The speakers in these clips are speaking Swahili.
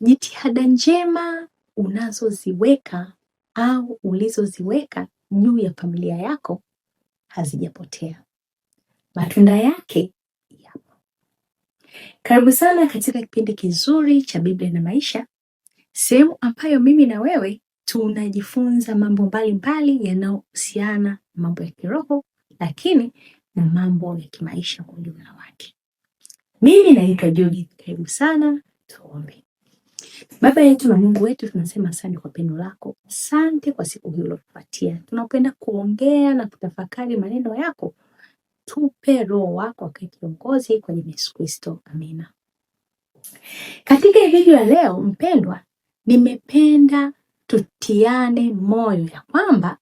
Jitihada njema unazoziweka au ulizoziweka juu ya familia yako hazijapotea, matunda yake yapo. Karibu sana katika kipindi kizuri cha Biblia na Maisha, sehemu ambayo mimi na wewe tunajifunza mambo mbalimbali yanayohusiana na mambo ya kiroho, lakini na mambo ya kimaisha kwa ujumla wake. Mimi naitwa Judith, karibu sana, tuombe. Baba yetu na Mungu wetu, tunasema asante kwa pendo lako, asante kwa siku hii uliotupatia. Tunapenda kuongea na kutafakari maneno yako, tupe Roho wako kiongozi kwa jina Yesu Kristo, amina. Katika video ya leo, mpendwa, nimependa tutiane moyo ya kwamba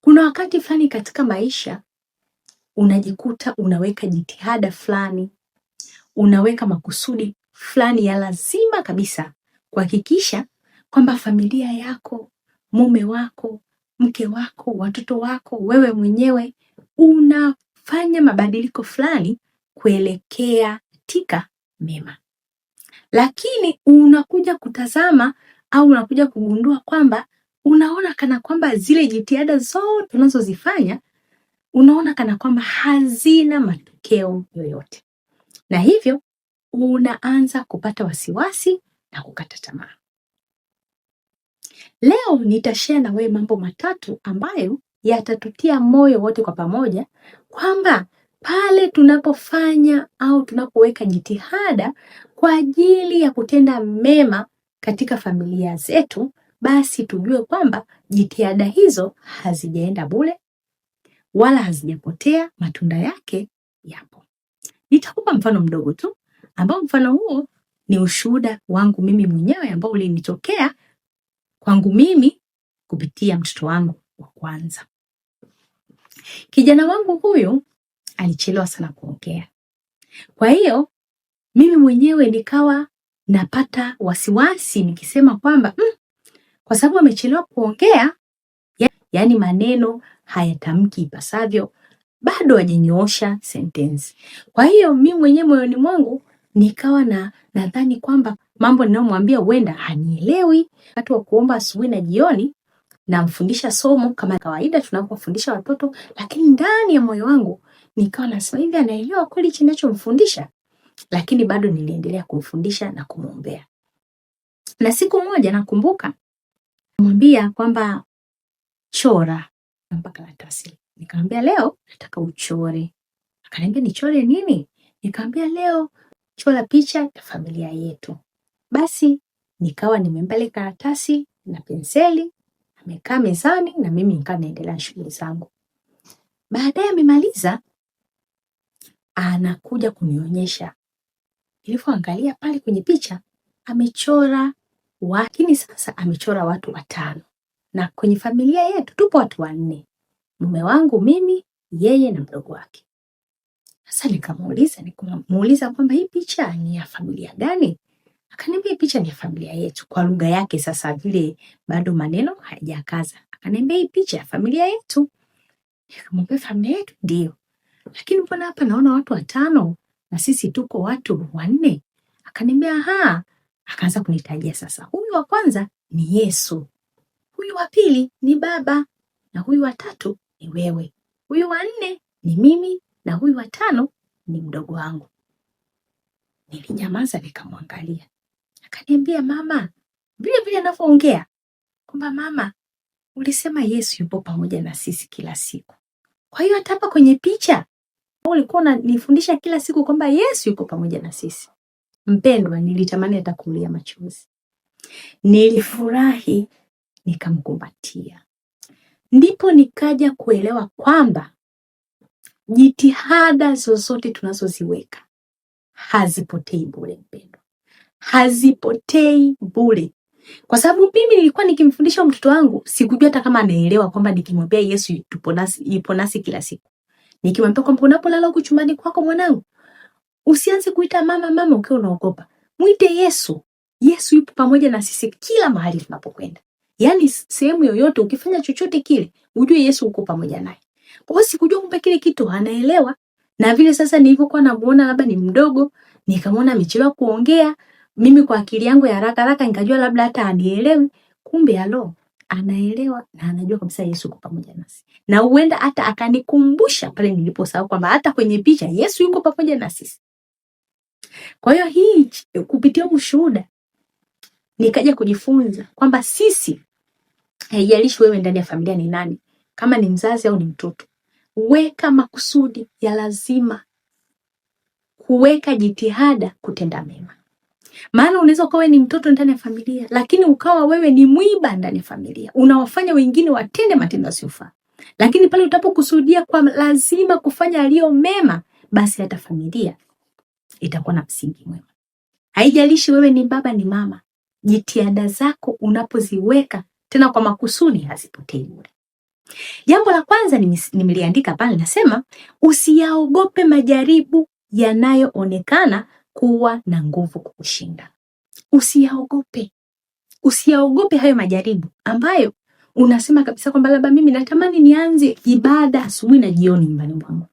kuna wakati fulani katika maisha unajikuta unaweka jitihada fulani, unaweka makusudi fulani ya lazima kabisa kuhakikisha kwamba familia yako, mume wako, mke wako, watoto wako, wewe mwenyewe unafanya mabadiliko fulani kuelekea katika mema, lakini unakuja kutazama au unakuja kugundua kwamba unaona kana kwamba zile jitihada zote unazozifanya unaona kana kwamba hazina matokeo yoyote, na hivyo unaanza kupata wasiwasi na kukata tamaa. Leo nitashare na wewe mambo matatu ambayo yatatutia moyo wote kwa pamoja kwamba pale tunapofanya au tunapoweka jitihada kwa ajili ya kutenda mema katika familia zetu, basi tujue kwamba jitihada hizo hazijaenda bure wala hazijapotea, matunda yake yapo. Nitakupa mfano mdogo tu ambao mfano huo ni ushuhuda wangu mimi mwenyewe ambao ulinitokea kwangu mimi kupitia mtoto wangu wa kwanza. Kijana wangu huyu alichelewa sana kuongea, kwa hiyo mimi mwenyewe nikawa napata wasiwasi nikisema kwamba mm, kwa sababu amechelewa kuongea yaani maneno hayatamki ipasavyo, bado ajinyoosha sentensi. Kwa hiyo mimi mwenyewe moyoni mwangu nikawa na nadhani kwamba mambo ninayomwambia huenda hanielewi. Wakati wa kuomba asubuhi na jioni namfundisha somo kama kawaida tunapofundisha watoto, lakini ndani ya moyo wangu nikawa nasema hivi, anaelewa kweli hichi nachomfundisha Lakini bado niliendelea kumfundisha na kumwombea. Na siku moja nakumbuka mwambia kwamba chora, nampa karatasi, nikamwambia leo nataka uchore. Akaniambia nichore nini? Nikamwambia leo kuchora picha ya familia yetu. Basi nikawa nimempa karatasi na penseli, amekaa mezani na mimi nikawa naendelea na shughuli zangu. Baadaye amemaliza, anakuja kunionyesha. Nilipoangalia pale kwenye picha amechora lakini sasa amechora watu watano, na kwenye familia yetu tupo watu wanne: mume wangu, mimi, yeye na mdogo wake. Sasa nikamuuliza nikamuuliza kwamba hii picha ni ya familia gani? Akaniambia picha ni ya familia yetu, kwa lugha yake sasa vile bado maneno hayajakaza. Akaniambia hii picha ya familia yetu. Nikamwambia familia yetu ndio, lakini mbona hapa naona watu watano na sisi tuko watu wanne? Akaniambia aha. Akaanza kunitajia sasa, huyu wa kwanza ni Yesu, huyu wa pili ni baba, na huyu wa tatu ni wewe, huyu wa nne ni mimi na huyu watano ni mdogo wangu. Nilinyamaza nikamwangalia, akaniambia mama, vile vile anavyoongea kwamba mama, ulisema Yesu yupo pamoja na sisi kila siku, kwa hiyo hata hapa kwenye picha ulikuwa unanifundisha kila siku kwamba Yesu yuko pamoja na sisi. Mpendwa, nilitamani hata kulia machozi. Nilifurahi nikamkumbatia, ndipo nikaja kuelewa kwamba Jitihada zozote tunazoziweka hazipotei bure, mpendwa, hazipotei bure, kwa sababu mimi nilikuwa nikimfundisha mtoto wangu, sikujua hata kama anaelewa kwamba nikimwambia Yesu yupo nasi, yupo nasi kila siku, nikimwambia kwamba unapolala huko chumbani kwako, mwanangu, usianze kuita mama mama ukiwa unaogopa, mwite Yesu. Yesu yupo pamoja na sisi kila mahali tunapokwenda, yaani sehemu yoyote, ukifanya chochote kile, ujue Yesu uko pamoja naye. Kwa hiyo sikujua kumbe kile kitu anaelewa, na vile sasa nilivyokuwa namuona labda ni mdogo, nikamwona amechelewa kuongea. Mimi kwa akili yangu ya haraka haraka nikajua labda hata anielewi, kumbe alo anaelewa na anajua kabisa Yesu yuko pamoja nasi, na huenda hata akanikumbusha pale niliposahau kwamba hata kwenye picha Yesu yuko pamoja na sisi. Kwa hiyo hii kupitia ushuhuda nikaja kujifunza kwamba sisi, haijalishi wewe ndani ya familia ni nani, kama ni mzazi au ni mtoto. Weka makusudi ya lazima, kuweka jitihada kutenda mema, maana unaweza ukawa ni mtoto ndani ya familia, lakini ukawa wewe ni mwiba ndani ya familia, unawafanya wengine watende matendo yasiyofaa. Lakini pale utapokusudia kwa lazima kufanya aliyo mema, basi hata familia itakuwa na msingi mwema. Haijalishi wewe ni baba ni mama, jitihada zako unapoziweka tena kwa makusudi hazipotei bure. Jambo la kwanza nimeliandika pale, nasema usiyaogope majaribu yanayoonekana kuwa na nguvu kukushinda. Usiyaogope, usiyaogope hayo majaribu ambayo unasema kabisa kwamba labda mimi natamani nianze ibada asubuhi na jioni nyumbani mwangu,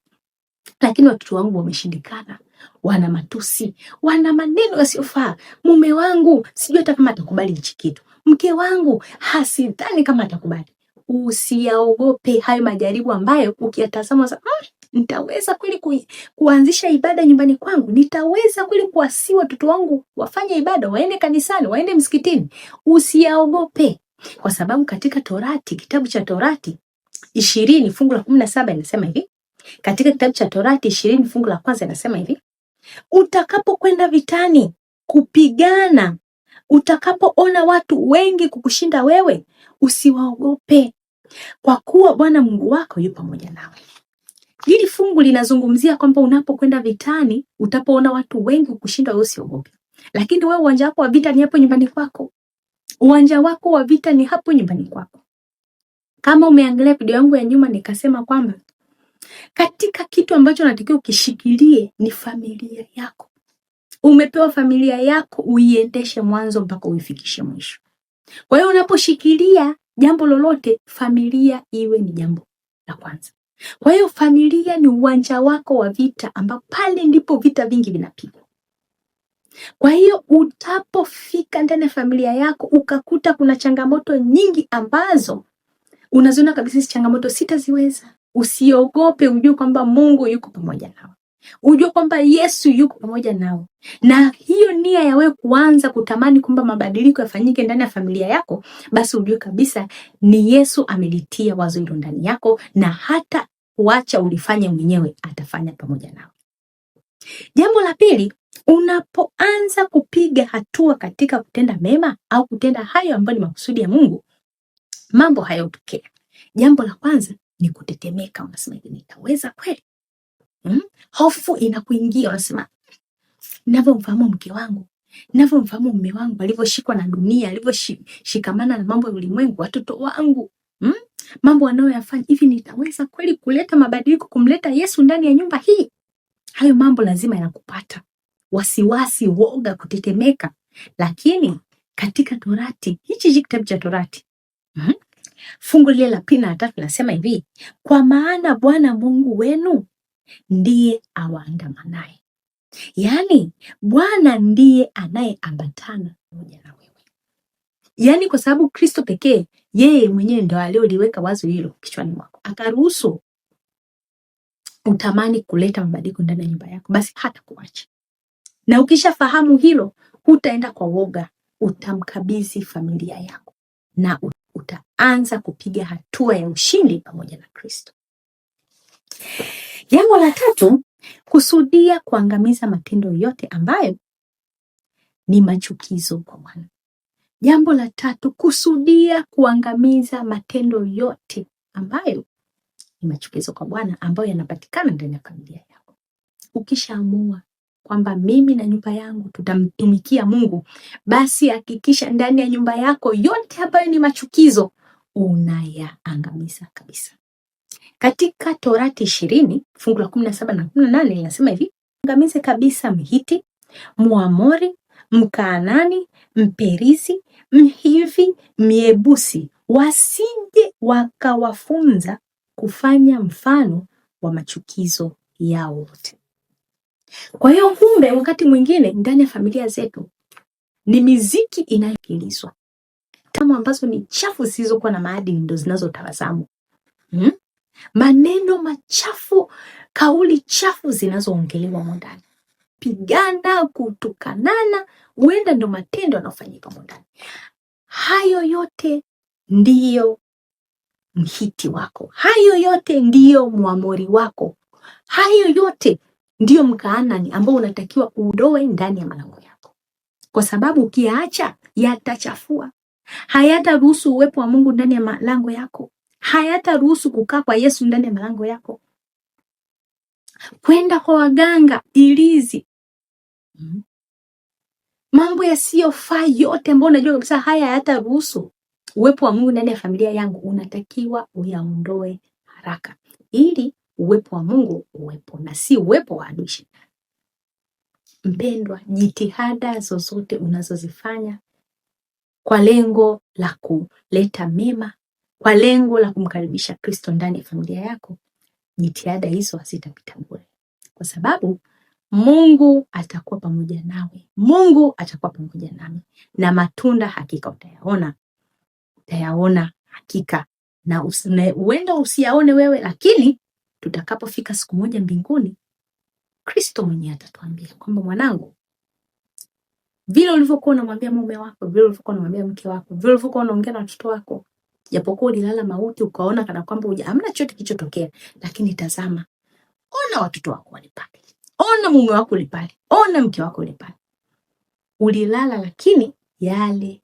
lakini watoto wangu wameshindikana, wana matusi, wana maneno yasiyofaa. Mume wangu sijui hata kama atakubali hichi kitu, mke wangu hasidhani kama atakubali usiyaogope hayo majaribu ambayo ukiyatazama sasa, mmm, nitaweza kweli ku, kuanzisha ibada nyumbani kwangu? Nitaweza kweli kuwasi watoto wangu wafanye ibada, waende kanisani, waende msikitini? Usiyaogope, kwa sababu katika Torati, kitabu cha Torati ishirini fungu la kumi na saba inasema hivi. Katika kitabu cha Torati ishirini fungu la kwanza inasema hivi, utakapokwenda vitani kupigana Utakapoona watu wengi kukushinda wewe, usiwaogope, kwa kuwa Bwana Mungu wako yu pamoja nawe. Hili fungu linazungumzia kwamba unapokwenda vitani, utapoona watu wengi kukushinda wewe, usiogope. Lakini wewe uwanja wako wa vita ni hapo nyumbani kwako, uwanja wako wa vita ni hapo nyumbani kwako. Kama umeangalia video yangu ya nyuma, nikasema kwamba katika kitu ambacho unatakiwa ukishikilie ni familia yako. Umepewa familia yako uiendeshe mwanzo mpaka uifikishe mwisho. Kwa hiyo unaposhikilia jambo lolote, familia iwe ni jambo la kwanza. Kwa hiyo familia ni uwanja wako wa vita, ambapo pale ndipo vita vingi vinapigwa. Kwa hiyo utapofika ndani ya familia yako ukakuta kuna changamoto nyingi ambazo unaziona kabisa hizi changamoto sitaziweza, usiogope, ujue kwamba Mungu yuko pamoja nawe. Ujue kwamba Yesu yuko pamoja nao, na hiyo nia ya wewe kuanza kutamani kwamba mabadiliko yafanyike ndani ya familia yako, basi ujue kabisa ni Yesu amelitia wazo hilo ndani yako, na hata kuacha ulifanye mwenyewe, atafanya pamoja nao. Jambo la pili, unapoanza kupiga hatua katika kutenda mema au kutenda hayo ambayo ni makusudi ya Mungu, mambo hayotokea. Jambo la kwanza ni kutetemeka, unasema, nitaweza kweli? mm? Hofu inakuingia, unasema navyomfahamu mke wangu, navyomfahamu mume wangu, alivyoshikwa na dunia, alivyoshikamana na mambo ya ulimwengu, watoto wangu mm? mambo anayoyafanya hivi, nitaweza kweli kuleta mabadiliko, kumleta Yesu ndani ya nyumba hii? Hayo mambo lazima yanakupata, wasiwasi, woga, kutetemeka. Lakini katika Torati, hichi hiki kitabu cha Torati mm -hmm. fungu lile la pili na tatu linasema hivi, kwa maana Bwana Mungu wenu ndiye awaandamanaye. Yaani Bwana ndiye anayeambatana pamoja na wewe, yaani kwa sababu Kristo pekee yeye mwenyewe ndo alioliweka wazo hilo kichwani mwako, akaruhusu utamani kuleta mabadiliko ndani ya nyumba yako, basi hata kuacha na ukishafahamu hilo, hutaenda kwa woga, utamkabidhi familia yako na utaanza kupiga hatua ya ushindi pamoja na Kristo. Jambo la tatu, kusudia kuangamiza matendo yote ambayo ni machukizo kwa Bwana. Jambo la tatu, kusudia kuangamiza matendo yote ambayo ni machukizo kwa Bwana ambayo yanapatikana ndani ya familia yako. Ukishaamua kwamba mimi na nyumba yangu tutamtumikia Mungu, basi hakikisha ndani ya nyumba yako yote ambayo ni machukizo unayaangamiza kabisa. Katika Torati ishirini fungu la kumi na saba na kumi na nane linasema hivi: angamize kabisa Mhiti, Muamori, Mkaanani, Mperizi, Mhivi, Myebusi, wasije wakawafunza kufanya mfano wa machukizo yao wote. Kwa hiyo kumbe, wakati mwingine ndani ya familia zetu ni miziki inayopilizwa tamu ambazo ni chafu zisizokuwa na maadili ndo zinazotawazamu Hmm? maneno machafu, kauli chafu zinazoongelewa humo ndani. Pigana, kutukanana, huenda ndo matendo yanayofanyika humo ndani. Hayo yote ndiyo mhiti wako, hayo yote ndiyo mwamori wako, hayo yote ndiyo mkaanani ambao unatakiwa udoe ndani ya malango yako, kwa sababu ukiyaacha yatachafua, hayataruhusu uwepo wa Mungu ndani ya malango yako hayataruhusu kukaa kwa Yesu ndani ya malango yako. Kwenda kwa waganga ilizi, mm-hmm. mambo yasiyofaa yote ambayo unajua kabisa haya hayataruhusu uwepo wa Mungu ndani ya familia yangu, unatakiwa uyaondoe haraka ili uwepo wa Mungu uwepo na si uwepo wa adui Mpendwa, jitihada zozote unazozifanya kwa lengo la kuleta mema kwa lengo la kumkaribisha Kristo ndani ya familia yako, jitihada hizo hazitapita bure, kwa sababu Mungu atakuwa pamoja nawe. Mungu atakuwa pamoja nami, na matunda hakika utayaona, utayaona hakika, na huenda usiyaone wewe, lakini tutakapofika siku moja mbinguni, Kristo mwenyewe atatuambia kwamba mwanangu, vile ulivyokuwa unamwambia mume wako, vile ulivyokuwa unamwambia mke wako, vile ulivyokuwa unaongea na watoto wako japokuwa ulilala mauti ukaona kana kwamba uja hamna chochote kilichotokea, lakini tazama, ona watoto wako wale pale, ona mume wako yule pale, ona mke wako yule pale. Ulilala, lakini yale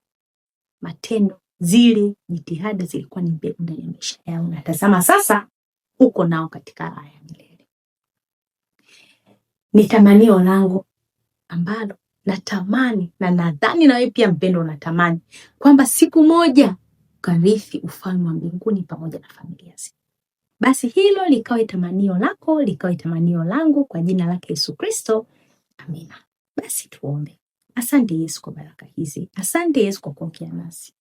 matendo, zile jitihada zilikuwa ni mbegu ndani ya maisha yao, na tazama sasa uko nao katika raha ya milele. Ni tamanio langu ambalo natamani na nadhani na wewe pia mpendo unatamani kwamba siku moja ukarithi ufalme wa mbinguni pamoja na familia zetu. Basi hilo likawe tamanio lako, likawe tamanio langu kwa jina lake Yesu Kristo. Amina. Basi tuombe. Asante Yesu kwa baraka hizi. Asante Yesu kwa kuongea nasi.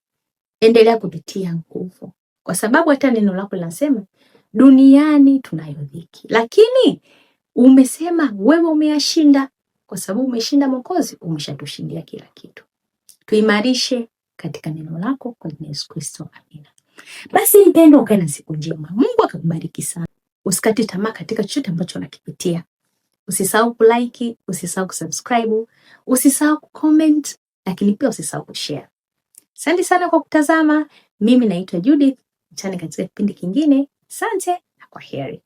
Endelea kututia nguvu, kwa sababu hata neno lako linasema duniani tunayo dhiki, lakini umesema wewe umeyashinda, kwa sababu umeshinda Mwokozi, umeshatushindia kila kitu. Tuimarishe katika neno lako kwa jina Yesu Kristo, amina. Basi mpendwa, ukae na siku njema. Mungu akakubariki sana. Usikate tamaa katika chochote ambacho unakipitia. Usisahau kulike, usisahau kusubscribe, usisahau kucomment, lakini pia usisahau kushare. Asante sana kwa kutazama. Mimi naitwa Judith, mchane katika kipindi kingine. Asante na kwa heri.